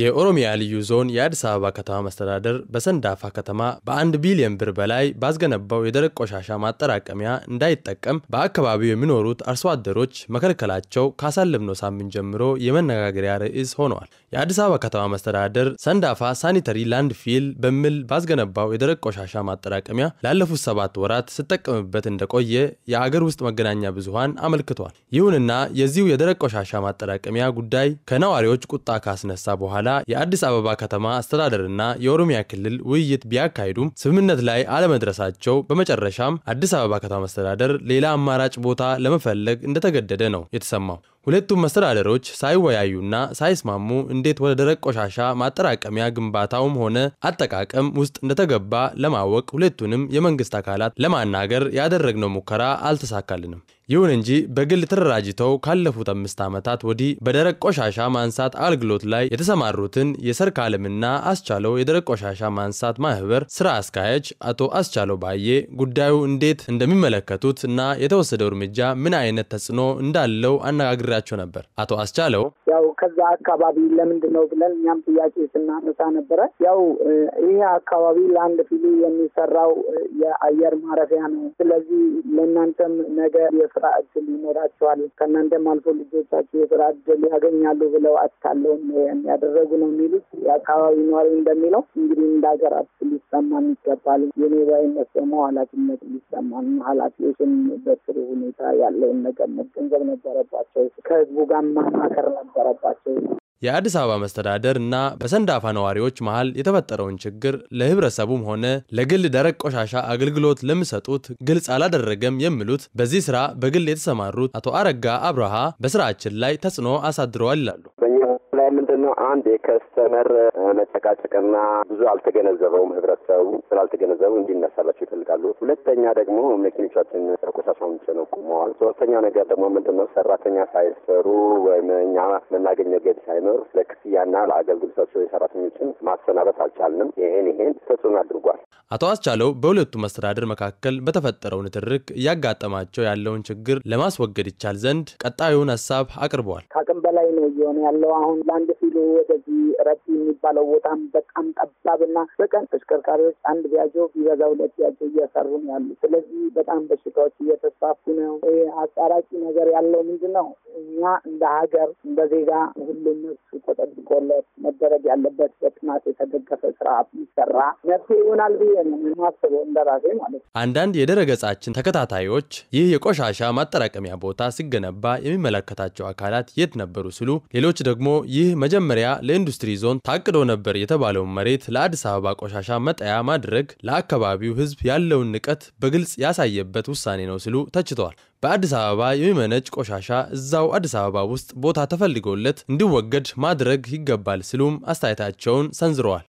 የኦሮሚያ ልዩ ዞን የአዲስ አበባ ከተማ መስተዳደር በሰንዳፋ ከተማ በአንድ ቢሊዮን ብር በላይ ባስገነባው የደረቅ ቆሻሻ ማጠራቀሚያ እንዳይጠቀም በአካባቢው የሚኖሩት አርሶ አደሮች መከልከላቸው ካሳለፍነው ሳምንት ጀምሮ የመነጋገሪያ ርዕስ ሆነዋል። የአዲስ አበባ ከተማ መስተዳደር ሰንዳፋ ሳኒተሪ ላንድ ፊል በሚል ባስገነባው የደረቅ ቆሻሻ ማጠራቀሚያ ላለፉት ሰባት ወራት ስጠቀምበት እንደቆየ የአገር ውስጥ መገናኛ ብዙኃን አመልክቷል። ይሁንና የዚሁ የደረቅ ቆሻሻ ማጠራቀሚያ ጉዳይ ከነዋሪዎች ቁጣ ካስነሳ በኋላ በኋላ የአዲስ አበባ ከተማ አስተዳደርና የኦሮሚያ ክልል ውይይት ቢያካሂዱም ስምምነት ላይ አለመድረሳቸው በመጨረሻም አዲስ አበባ ከተማ አስተዳደር ሌላ አማራጭ ቦታ ለመፈለግ እንደተገደደ ነው የተሰማው። ሁለቱም መስተዳደሮች ሳይወያዩና ሳይስማሙ እንዴት ወደ ደረቅ ቆሻሻ ማጠራቀሚያ ግንባታውም ሆነ አጠቃቀም ውስጥ እንደተገባ ለማወቅ ሁለቱንም የመንግስት አካላት ለማናገር ያደረግነው ሙከራ አልተሳካልንም። ይሁን እንጂ በግል ተደራጅተው ካለፉት አምስት ዓመታት ወዲህ በደረቅ ቆሻሻ ማንሳት አገልግሎት ላይ የተሰማሩትን የሰርክ አለምና አስቻለው የደረቅ ቆሻሻ ማንሳት ማህበር ስራ አስኪያጅ አቶ አስቻለው ባዬ ጉዳዩ እንዴት እንደሚመለከቱት እና የተወሰደው እርምጃ ምን አይነት ተጽዕኖ እንዳለው አነጋግር ነግራቸው ነበር። አቶ አስቻለው ያው ከዛ አካባቢ ለምንድን ነው ብለን እኛም ጥያቄ ስናነሳ ነበረ። ያው ይህ አካባቢ ለአንድ ፊሉ የሚሰራው የአየር ማረፊያ ነው። ስለዚህ ለእናንተም ነገ የስራ እድል ይኖራቸዋል፣ ከእናንተም አልፎ ልጆቻቸው የስራ እድል ያገኛሉ ብለው አስቻለውን ያደረጉ ነው የሚሉት የአካባቢ ነዋሪ እንደሚለው እንግዲህ እንደ ሀገራት ሊሰማን ይገባል። የኔ ባይነት ደግሞ ኃላፊነት ሊሰማን ኃላፊዎችን በስሩ ሁኔታ ያለውን ነገር መገንዘብ ነበረባቸው። ከህዝቡ ጋር ማማከር ነበረባቸው። የአዲስ አበባ መስተዳደር እና በሰንዳፋ ነዋሪዎች መሀል የተፈጠረውን ችግር ለህብረተሰቡም ሆነ ለግል ደረቅ ቆሻሻ አገልግሎት ለሚሰጡት ግልጽ አላደረገም የሚሉት በዚህ ስራ በግል የተሰማሩት አቶ አረጋ አብርሃ በስራችን ላይ ተጽዕኖ አሳድረዋል ይላሉ። ላይ ምንድን ነው? አንድ የከስተመር መጨቃጨቅና ብዙ አልተገነዘበውም ህብረተሰቡ ስላልተገነዘቡ እንዲነሳላቸው ይፈልጋሉ። ሁለተኛ ደግሞ መኪኖቻችን ቆሻሻውን ጭነው ቁመዋል። ሶስተኛ ነገር ደግሞ ምንድን ነው? ሰራተኛ ሳይሰሩ ወይም እኛ የምናገኘው ገቢ ሳይኖር ለክፍያና ለአገልግሎታቸው የሰራተኞችን ማሰናበት አልቻልንም። ይሄን ይሄን ተጽዕኖ አድርጓል። አቶ አስቻለው በሁለቱ መስተዳድር መካከል በተፈጠረው ንትርክ እያጋጠማቸው ያለውን ችግር ለማስወገድ ይቻል ዘንድ ቀጣዩን ሀሳብ አቅርበዋል። በላይ ነው እየሆነ ያለው። አሁን ለአንድ ኪሎ ወደዚህ ረቢ የሚባለው ቦታም በጣም ጠባብና በቀን ተሽከርካሪዎች አንድ ቢያጆ ቢበዛ ሁለት ቢያጆ እየሰሩ ነው ያሉ። ስለዚህ በጣም በሽታዎች እየተስፋፉ ነው። አጣራቂ ነገር ያለው ምንድን ነው? እኛ እንደ ሀገር እንደ ዜጋ ሁሉም እሱ ተጠብቆለት መደረግ ያለበት በጥናት የተደገፈ ስርዓት ይሰራ መፍትሄ ይሆናል ብዬ ነው የማስበው እንደራሴ ማለት ነው። አንዳንድ የደረገጻችን ተከታታዮች ይህ የቆሻሻ ማጠራቀሚያ ቦታ ሲገነባ የሚመለከታቸው አካላት የት ነበር ነበሩ ሲሉ ሌሎች ደግሞ ይህ መጀመሪያ ለኢንዱስትሪ ዞን ታቅዶ ነበር የተባለውን መሬት ለአዲስ አበባ ቆሻሻ መጣያ ማድረግ ለአካባቢው ሕዝብ ያለውን ንቀት በግልጽ ያሳየበት ውሳኔ ነው ሲሉ ተችተዋል። በአዲስ አበባ የሚመነጭ ቆሻሻ እዛው አዲስ አበባ ውስጥ ቦታ ተፈልጎለት እንዲወገድ ማድረግ ይገባል ሲሉም አስተያየታቸውን ሰንዝረዋል።